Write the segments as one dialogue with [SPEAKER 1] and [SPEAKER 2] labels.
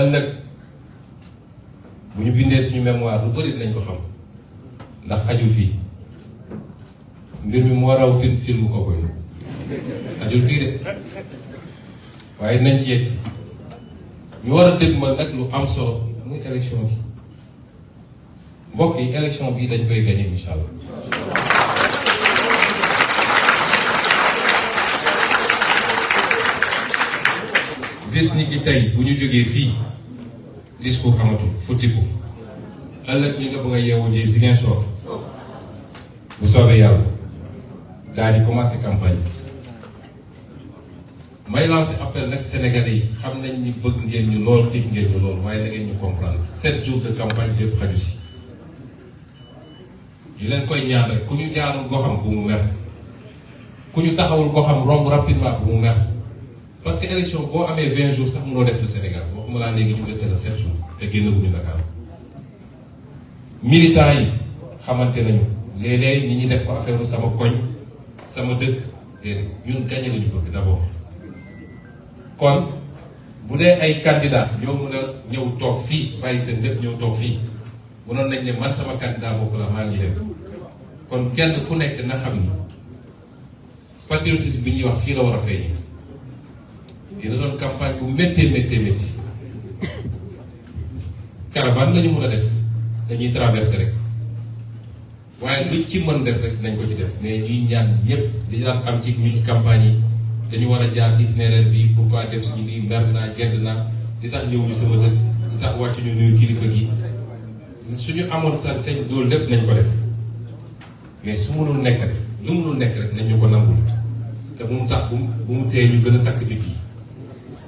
[SPEAKER 1] ëllëg bu ñu bindee suñu mémoire lu bëri nañ ko xam ndax xajul fii mbir mi moo raw film film ko koy xajul fii de waaye nañ ci yegg si ñu war a dëgmal nag lu am solo muy élection bi mbokk yi élection bii dañ koy gagné incha bis ni ki tey bu ñu jógee fii discours amatul futtiku ëllëg ñu nga bëgg a yeewu ji Ziguinchor bu soobee yàlla daal di commencé campagne may lancé appel nag Sénégalais yi xam nañ ni bëgg ngeen ñu lool xiif ngeen ñu lool waaye da ngeen ñu comprendre sept jours de campagne lépp xaju si di leen koy ñaan rek ku ñu jaarul goxam bu mu mer ku ñu taxawul goxam romb rapidement bu mu mer parce que élection boo amee 20 jours sax mënoo def le Sénégal waxuma laa léegi ñu dese la 7 jours te génnaguñu Dakar militants yi xamante nañu ne léeg ñi ñuy def ko affaire sama koñ sama dëkk déedéet ñun gagné lañu bëgg d'abord kon bu dee ay candidat ñoo mën a ñëw toog fii bàyyi seen dëkk ñëw toog fii mënoon nañ ne man sama candidat boobu la maa ngi dem kon kenn ku nekk na xam ni patriotisme bi ñuy wax fii la war a feeñee. dina doon campagne bu méttee méttee métti caravane la ñu a def dañuy traversé rek waaye luñ ci mën def nañ ko ci def mais ñuy ñaan ñëpp di daan am ci ñu ci campagne yi dañu war a jaar itinéraire bi pourquoi def ñu ni mer naa gedd naa di tax ñëw ñu sama dëkk di tax wàcc ñu nuyu kilifa gi suñu amoon sa sañ loolu lépp nañ ko def mais su mënul nekk rek lu mënul nekk rek nañ ñu ko nangul te bu mu tax bu mu bu mu tee ñu gën a takk digg yi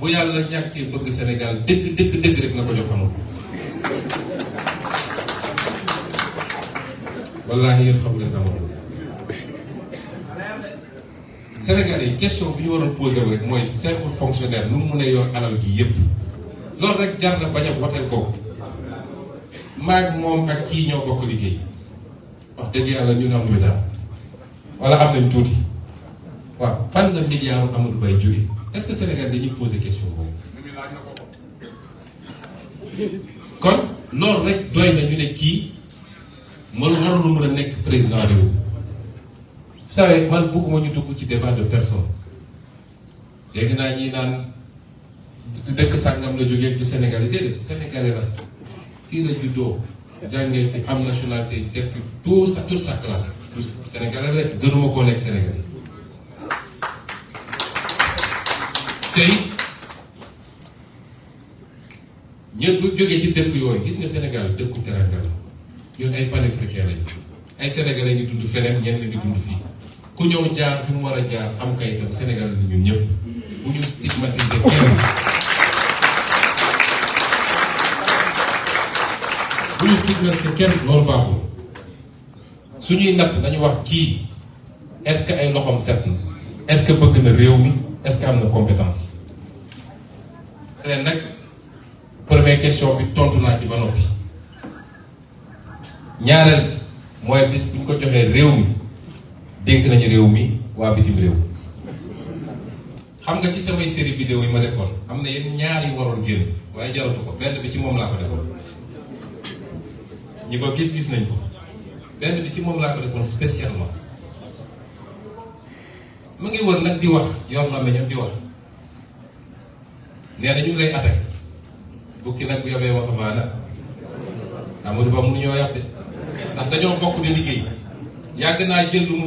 [SPEAKER 1] bu yàlla ñàkkee bëgg Sénégal dëgg dëgg dëgg rek na ko jox amul wallaahi yéen xam ngeen dama Sénégal yi question bi ñu loolu rek jar na bañ a liggéey dëgg yàlla ñun amuñu am nañ tuuti waaw fan la milliard Amadou Baye jógee. est-ce que Sénégal dañuy poser question boobu kon loolu rek doy na ne kii man war lu mën a nekk président réew vous savez man bëgguma ñu dugg ci débat de personne dégg naa ñi naan dëkk sàngam la jógee du Sénégal déedéet Sénégalais la fii la jàngee fi am nationalité def fi tout sa toute sa classe du Sénégalais rek gënuma koo nekk Sénégalais. këy ñëpp jógee ci dëkk yooyu gis nga Sénégal dëkku teranga la ay panafricain ay sénégalais ñu dund feneen ñenn ngi dund fii ku ñëw jaar fi mu war a jaar am kayitam Sénégal la ñun ñëpp bu ñu stigmatisé kenn bu ñu stigmatisé kenn loolu baaxul suñuy natt dañu wax kii est-ce que ay loxoom set na est bëgg na réew mi est ce am na compétence yi. leen nag premier question bi tontu naa ci ba noppi ñaareel mooy bis bu ko joxee réew mi dégg nañu réew mi waa bitim réew. xam nga ci samay série vidéo yi ma defoon am na yenn ñaari yu waroon génn waaye jaratu ko benn bi ci moom laa ko defoon ñi ko gis-gis nañ ko benn bi ci moom laa ko defoon spécialement. mu ngi wër nag di wax yor la meñam di wax nee na ñu ngi lay attaqué bukki nag bu yobee waxambaana Amadou Ba mënuñoo yàpp de ndax dañoo bokk di liggéey yàgg naa jël lu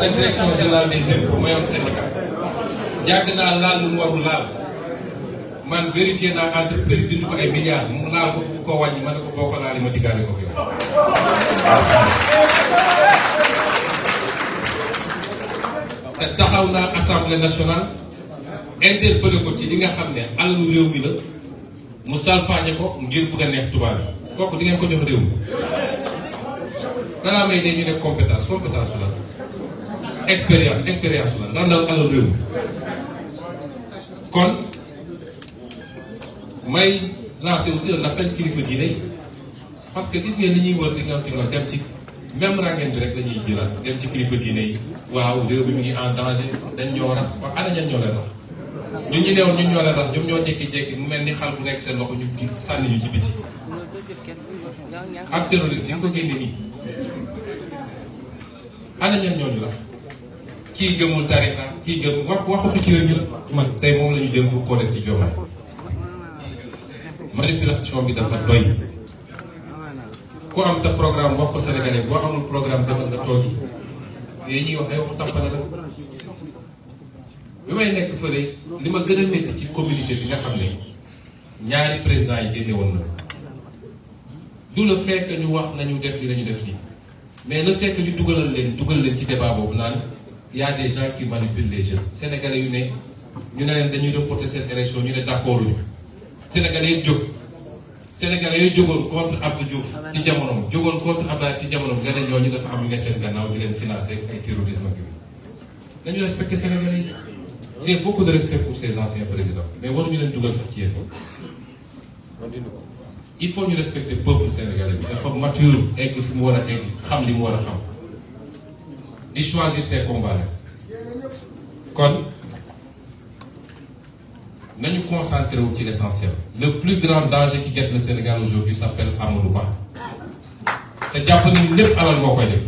[SPEAKER 1] na direction générale des impôts mooy yàgg naa laal lu mu warul laal man vérifié naa entreprise bi ko ay milliards mu laal ko bu ko wàññi ma ne ko boo ko laalee ma diggaale ko yow. te taxaw naa assemblée nationale interpellé ko ci li nga xam ne alalu réew mi la mu salfaañe ko ngir bëgg a neex tubaab yi kooku di ko jox réew mi. balaa may dee ñu ne compétence compétence la expérience expérience la ndax ndaw alal réew mi. kon may lancer aussi un appel kilifa diine yi parce que gis ngeen li ñuy wër di nga dem ci même rangeen bi rek dañuy jëlaat dem ci kilifa diine yi waaw réew mi mu ngi en danger dañ ñoo rax wax ñoo leen rax ñun ñu neewoon ñoo leen rax ñoom ñoo jékki-jékki mel ni xal bu nekk seen loxo ñu gi sànni ñu ci biti ak terroriste yi nga ko génne nii ana ñan ñooñu la kii gëmul tarixa kii gëmul wax waxatu ci réew mi man tey moom la ñu jël pour koo def ci Diomaye manipulation bi dafa doy ku am sa programme wax ko sénégalais boo amul programme defal nga toog yi yooyu ñuy wax ay waxu tàmpale la bi may nekk fële li ma gën a métti ci communauté bi nga xam ne ñaari président yi génne woon na du le fekk ñu wax nañu def li nañu def li mais la fait que ñu dugalal leen dugal leen ci débat boobu naan y a des gens qui manipulent les jeunes yu ne ñu ne leen dañuy reporter seen élection ñu ne d'accord ñu Sénégalais yi jóg Sénégalais yi jógoon contre Abdou Diouf ci jamonoom jógoon contre Abdoulaye ci jamonoom nga ne ñooñu dafa am ñu ne seen gannaaw di leen financer ay terrorisme ak yooyu dañu respecter Sénégalais yi j'ai beaucoup de respect pour ces anciens mais waruñu leen dugal sax ci yéen il faut ñu respecter peuple sénégalais bi ma mature egg fi mu war a egg xam li mu war a xam di choisir ses kon nañu concentré wu ci l' essentiel le plus grand danger qui guette le Sénégal aujourd'hui s'appelle Amadou Ba te jàpp ni lépp alal moo koy def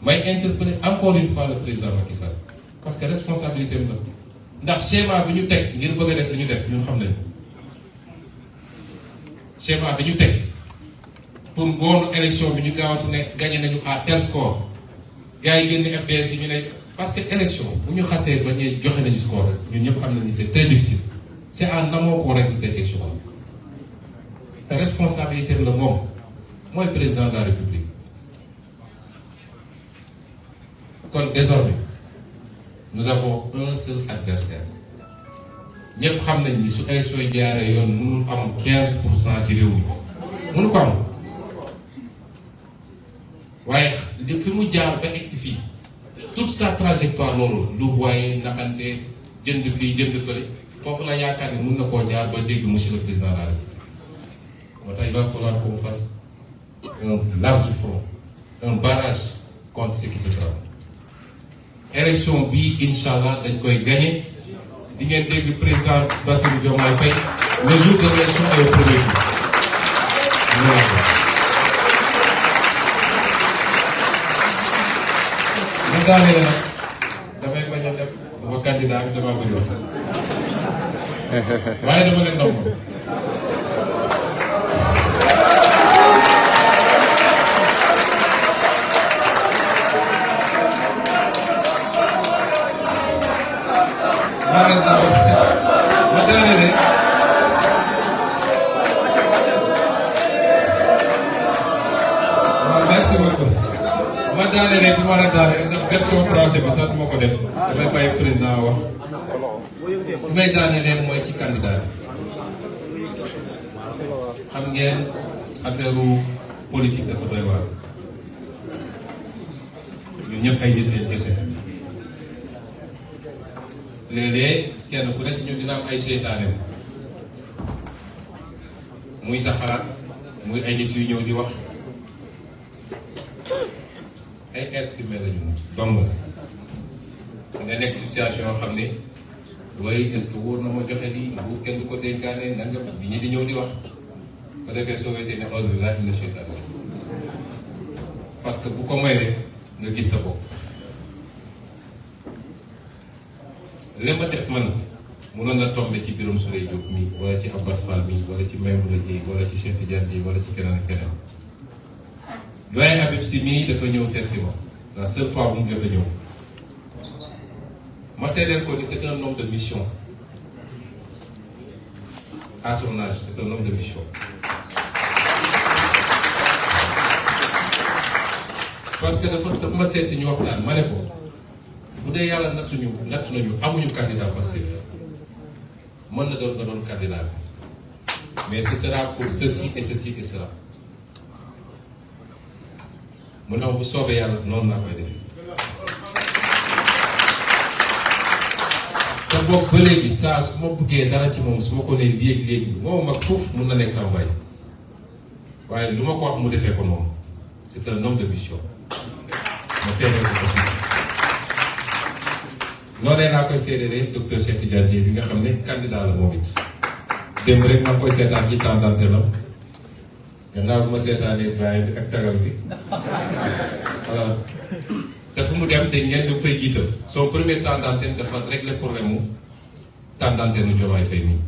[SPEAKER 1] may interpeller encore une fois le président Macky Sall parce que responsabilité am la ndax schéma bi ñu teg ngir bëgg a def li ñu def ñun xam nañu schéma bi ñu teg pour ngoonu élection bi ñu gaawante ne gagné nañu à tel score gars yi génn FDS yi ñu ne. parce que élection bu ñu xasee ba ñuy joxe nañu score rek ñu ñëpp xam nañu c'est très difficile c'est en amont qu'on règle ces questions te responsabilité la moom mooy président de la république kon désormais nous avons un seul adversaire ñëpp xam nañ ni su élection yi jaaree yoon mënul am 15 pour cent ci réew mi mënu ko am waaye fi mu jaar ba egsi fii tout sa trajectoire loolu lu voyé naxante jënd fii jënd fële foofu la yaakaar ni mun na koo jaar ba dégg monsieur le président de la moo tax il va falloir qu'on fasse un large bi incha allah dañ koy gagné di dégg président Bassirou Diomaye Faye le jour de l'élection est au premier tour daanee nag damay bañ a def sama candidat bi damaa bëri wax waaye dama leen nangu ma daane rek ma daane version français bi sax moo ko def damay bàyyi président wax fi may daane leen mooy ci candidat bi xam ngeen affaire politique dafa doy waar ñun ñëpp ay nit lañ kese léeg-léeg kenn ku nekk ñun dina am ay seytaane muy sa xalaat muy ay nit yu ñëw di wax ay êtres humains lañu dong nga nekk situation yoo xam ne waaye est woor que wóor na ma joxe lii bu kenn ko dénkaane nanga bi ñi di ñëw di wax ko defee soo wetee ne a'uuzu billaahi mina shaytaani parce que bu ko moy rek nga gis sa bopp li ma def man mënoon na tombe ci Birame Souleye Diop mi wala ci Abbas Fall mi wala ci a Dieye wala ci Cheikh Tidiane Dieye wala ci keneen ak keneen doyen Habib Sy mii dafa ñëw seet ma la seule fois bu mu jot a ñëw ma seedeel ko ni c'est un homme de mission assonage c'est un homme de mission parce que dafa sa ma seeti ñu waxtaan ma ne ko bu dee yàlla nattuñu nattu nañu amuñu candidat passif mën na doon nga doon candidat bi mais ce sera pour ceci et ceci et cela mu ne bu soobee yàlla noonu laa koy defee te boobu ba léegi saa su ma bëggee dara ci moom su ma ko nee léegi léegi moom mag foofu mun na nekk sama baay waaye lu ma ko wax mu defee ko moom c'est un homme de mission ma seetlu ko ko si noonee laa koy seedee docteur Cheikh Tidiane Dièye bi nga xam ne candidat la moom it démb rek maa ngi koy seetaan ci temps d'antenne gannaaw bu ma seetaanee baay bi ak tagal bi alors dafa mu dem dañ ngeen dam fay jiital son premier temps d'antenne dafa régler problème mu temps d'antenne nu Diomaye Faye nii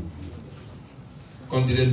[SPEAKER 1] kon di leen